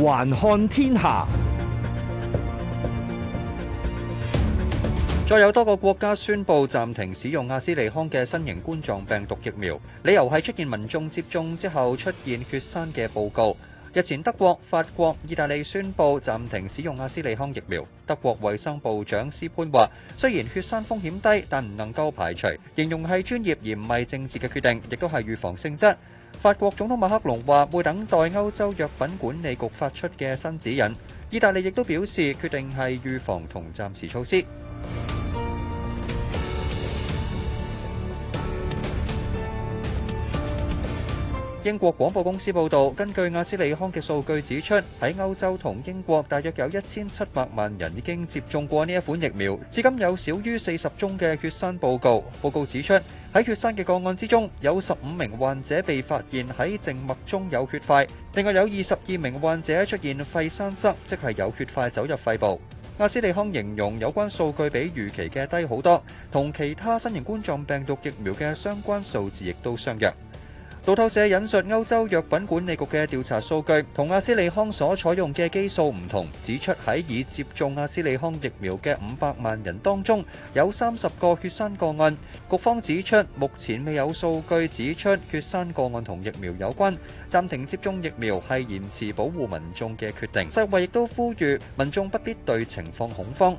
環看天下。再有多個國家宣佈暫停使用阿斯利康嘅新型冠狀病毒疫苗，理由係出現民眾接種之後出現血栓嘅報告。日前，德國、法國、意大利宣佈暫停使用阿斯利康疫苗。德國衛生部長斯潘話，雖然血栓風險低，但唔能夠排除，形容係專業而唔係政治嘅決定，亦都係預防性質。法國總統馬克龍話會等待歐洲藥品管理局發出嘅新指引。意大利亦都表示決定係預防同暫時措施。英國廣播公司報道，根據阿斯利康嘅數據指出，喺歐洲同英國大約有一千七百萬人已經接種過呢一款疫苗，至今有少於四十宗嘅血栓報告。報告指出，喺血栓嘅個案之中，有十五名患者被發現喺靜脈中有血塊，另外有二十二名患者出現肺栓塞，即係有血塊走入肺部。阿斯利康形容有關數據比預期嘅低好多，同其他新型冠狀病毒疫苗嘅相關數字亦都相若。路透社引述歐洲藥品管理局嘅調查數據，同阿斯利康所採用嘅基數唔同，指出喺已接種阿斯利康疫苗嘅五百萬人當中，有三十個血栓個案。局方指出，目前未有數據指出血栓個案同疫苗有關，暫停接種疫苗係延遲保護民眾嘅決定。世衞亦都呼籲民眾不必對情況恐慌。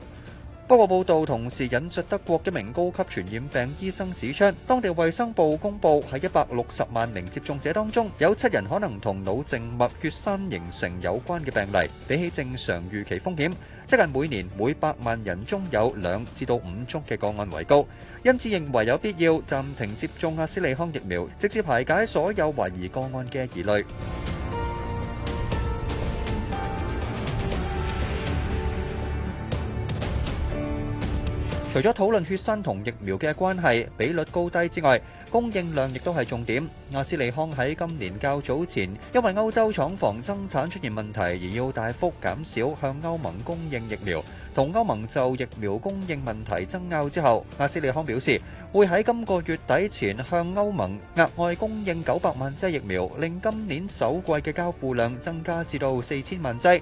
不過報道同時引述德國一名高級傳染病醫生指出，當地衛生部公布，喺一百六十萬名接種者當中有七人可能同腦靜脈血栓形成有關的病例，比起正常預期風險，即係每年每百萬人中有兩至到五宗的個案為高，因此認為有必要暫停接種阿斯利康疫苗，直至排解所有懷疑個案的疑慮。除咗討論血栓同疫苗嘅關係比率高低之外，供應量亦都係重點。阿斯利康喺今年較早前，因為歐洲廠房生產出現問題，而要大幅減少向歐盟供應疫苗。同歐盟就疫苗供應問題爭拗之後，阿斯利康表示會喺今個月底前向歐盟額外供應九百萬劑疫苗，令今年首季嘅交付量增加至到四千萬劑。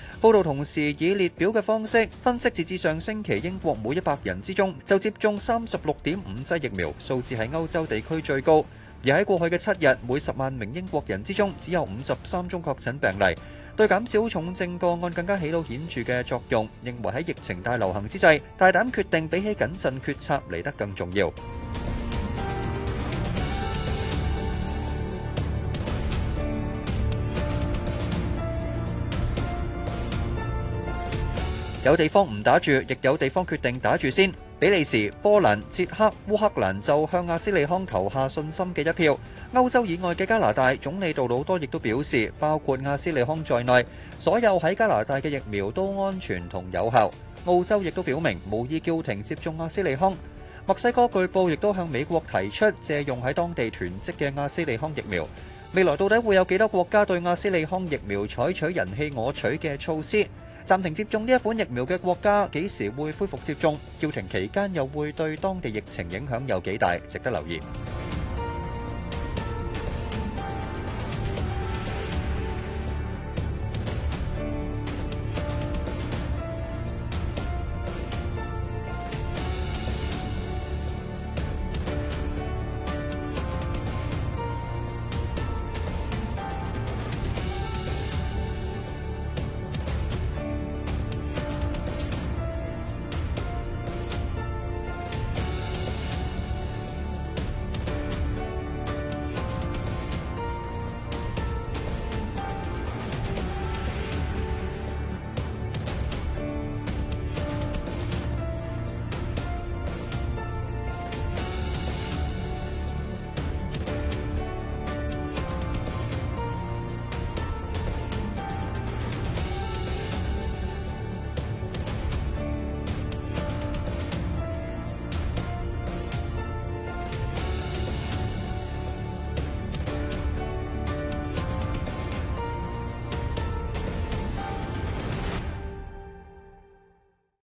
報道同時以列表嘅方式分析，截至上星期，英國每一百人之中就接種三十六點五劑疫苗，數字喺歐洲地區最高。而喺過去嘅七日，每十萬名英國人之中只有五十三宗確診病例，對減少重症個案更加起到顯著嘅作用。認為喺疫情大流行之際，大膽決定比起謹慎決策嚟得更重要。有地方唔打住，亦有地方決定打住先。比利時、波蘭、捷克、烏克蘭就向阿斯利康投下信心嘅一票。歐洲以外嘅加拿大總理杜魯多亦都表示，包括阿斯利康在內所有喺加拿大嘅疫苗都安全同有效，澳洲亦都表明無意叫停接種阿斯利康，墨西哥據報亦都向美國提出借用喺當地囤積嘅阿斯利康疫苗。未來到底會有幾多國家對阿斯利康疫苗採取人棄我取嘅措施？暫停接種呢一款疫苗嘅國家幾時會恢復接種？叫停期間又會對當地疫情影響有幾大？值得留意。